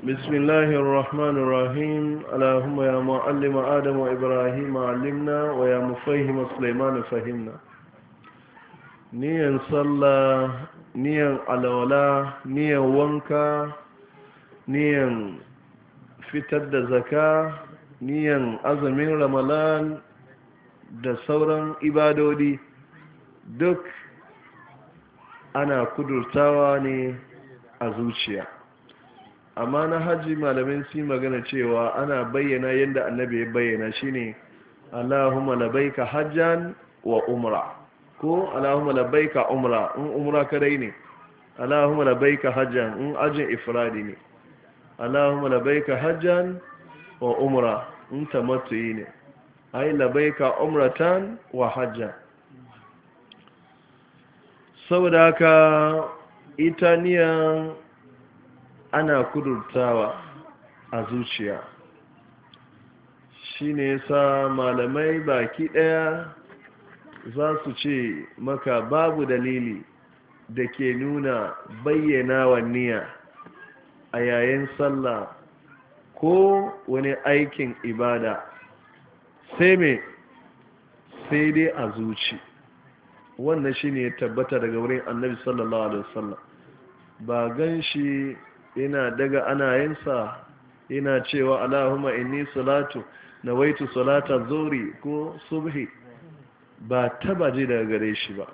بسم الله الرحمن Adamu, Ibrahim يا معلم آدم وإبراهيم علمنا ويا مفهم سليمان فهمنا niyan sallah niyan alawala niyan wanka niyan fitar da zaka niyan azumin ramalan da sauran ibadodi duk ana kudurtawa ne a zuciya amma na haji malamin su magana cewa ana bayyana yadda annabi ya bayyana shine allahumma labaika hajjan wa umra ko allahumma labaika umra in umra kadai ne allahumma labaika hajjan in ajin ifradi ne allahumma labaika hajjan wa umra in tamattu'i ne ai labaika umratan wa hajjan saboda ita niyan ana kudurtawa a zuciya shi ne sa malamai baki ɗaya za su ce maka babu dalili da ke nuna bayyana wa niyya a yayin sallah ko wani aikin ibada sai mai sai dai a zuci wannan shi ne tabbata daga wurin annabi sallallahu alaihi wasallam ba gan shi ina daga ana anayinsa ina cewa Allahumma inni salatu nawaitu salata zuri ko subhi ba taba ji daga gare shi ba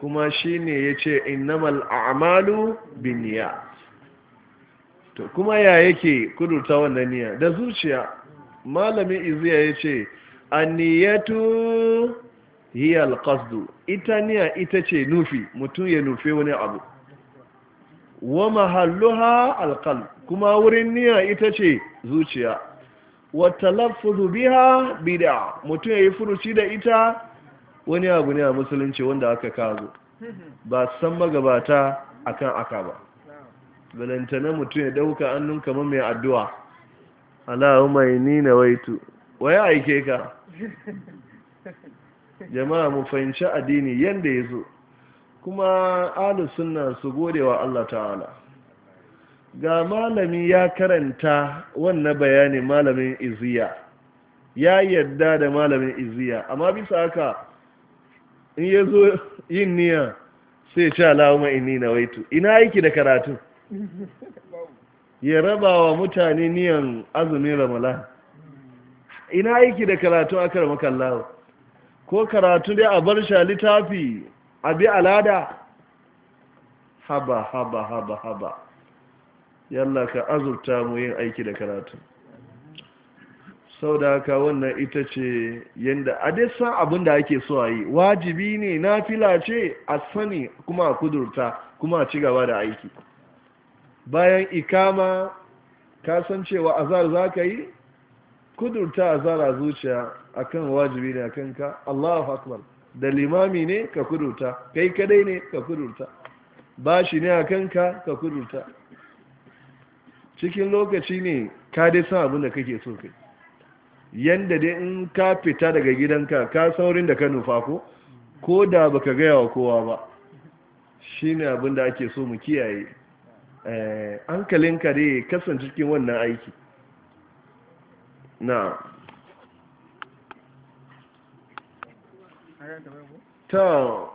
kuma shine yace innamal a'malu binniyat to kuma ya yake kudurta wannan niyya da zuciya malamin iziya yace anniyatu hiya kasdu ita niyya ita ce nufi mutum ya nufi wani abu wa mahalluha alkal kuma wurin niyya ita ce zuciya Wata talaffuzu biha bid'a mutum yayi furuci da ita wani abu ne a musulunci wanda aka kazo ba san magabata akan aka ba balantana mutum ya dauka annun kamar mai addu'a Allahumma inni nawaitu waya aike ka jama'a mu fahimci addini yanda zo. kuma alu suna su gode wa Allah ta'ala ga malami ya karanta wannan bayani malamin iziya ya yadda da malamin iziya amma bisa haka in ya zo yin niya sai sha lawuma inni na waitu ina aiki da karatu ya raba wa mutane niyan azumin ramadan ina aiki da karatu aka lawo ko karatu dai a bar sha littafi abi alada haba haba haba haba yalla ka azurta mu yin aiki da karatu sau da haka wannan ita ce yadda a dai san abin da ake so a yi wajibi ne na fila ce a sani kuma a kudurta kuma a ci gaba da aiki bayan ikama kasancewa azar za ka yi kudurta azar a zuciya akan wajibi ne a kanka allahu akbar da limami ne ka kudurta kai kadai ne ka kudurta ba shi ne a kanka ka kudurta cikin lokaci ne ka dai san abin da kake so kai yanda dai in ka fita daga gidanka ka saurin da ka nufa ko ko da baka gaya wa kowa ba shine abin da ake so mu kiyaye eh, hankalinka dai kasance cikin wannan aiki na'am ta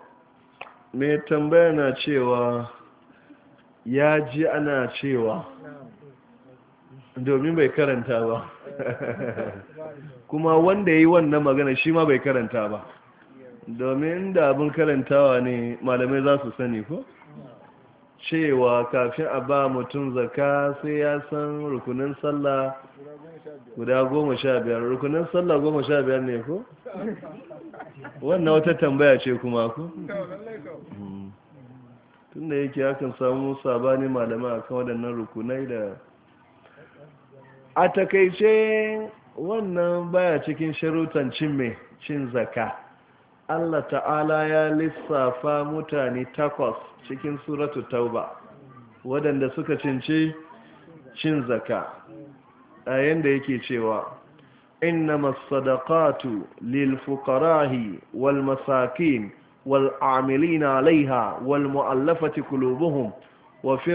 mai tambaya na cewa ya ji ana cewa domin bai karanta ba kuma wanda ya yi wannan magana shi ma bai karanta ba domin da abin karantawa ne malamai za su sani ko cewa kafin a ba mutum zaka sai ya san rukunin sallah guda goma sha biyar rukunin sallah goma sha biyar ne ko wannan wata tambaya ce kuma ku hmm. tun da yake hakan samu sabani malama akan waɗannan rukunai da a takaice wannan baya cikin sharutan cin mai cin zaka Allah ta'ala ya lissafa mutane takwas cikin suratu tauba waɗanda suka cinci cin zaka a yanda yake cewa إنما الصدقات للفقراء والمساكين والعاملين عليها والمؤلفة قلوبهم وفي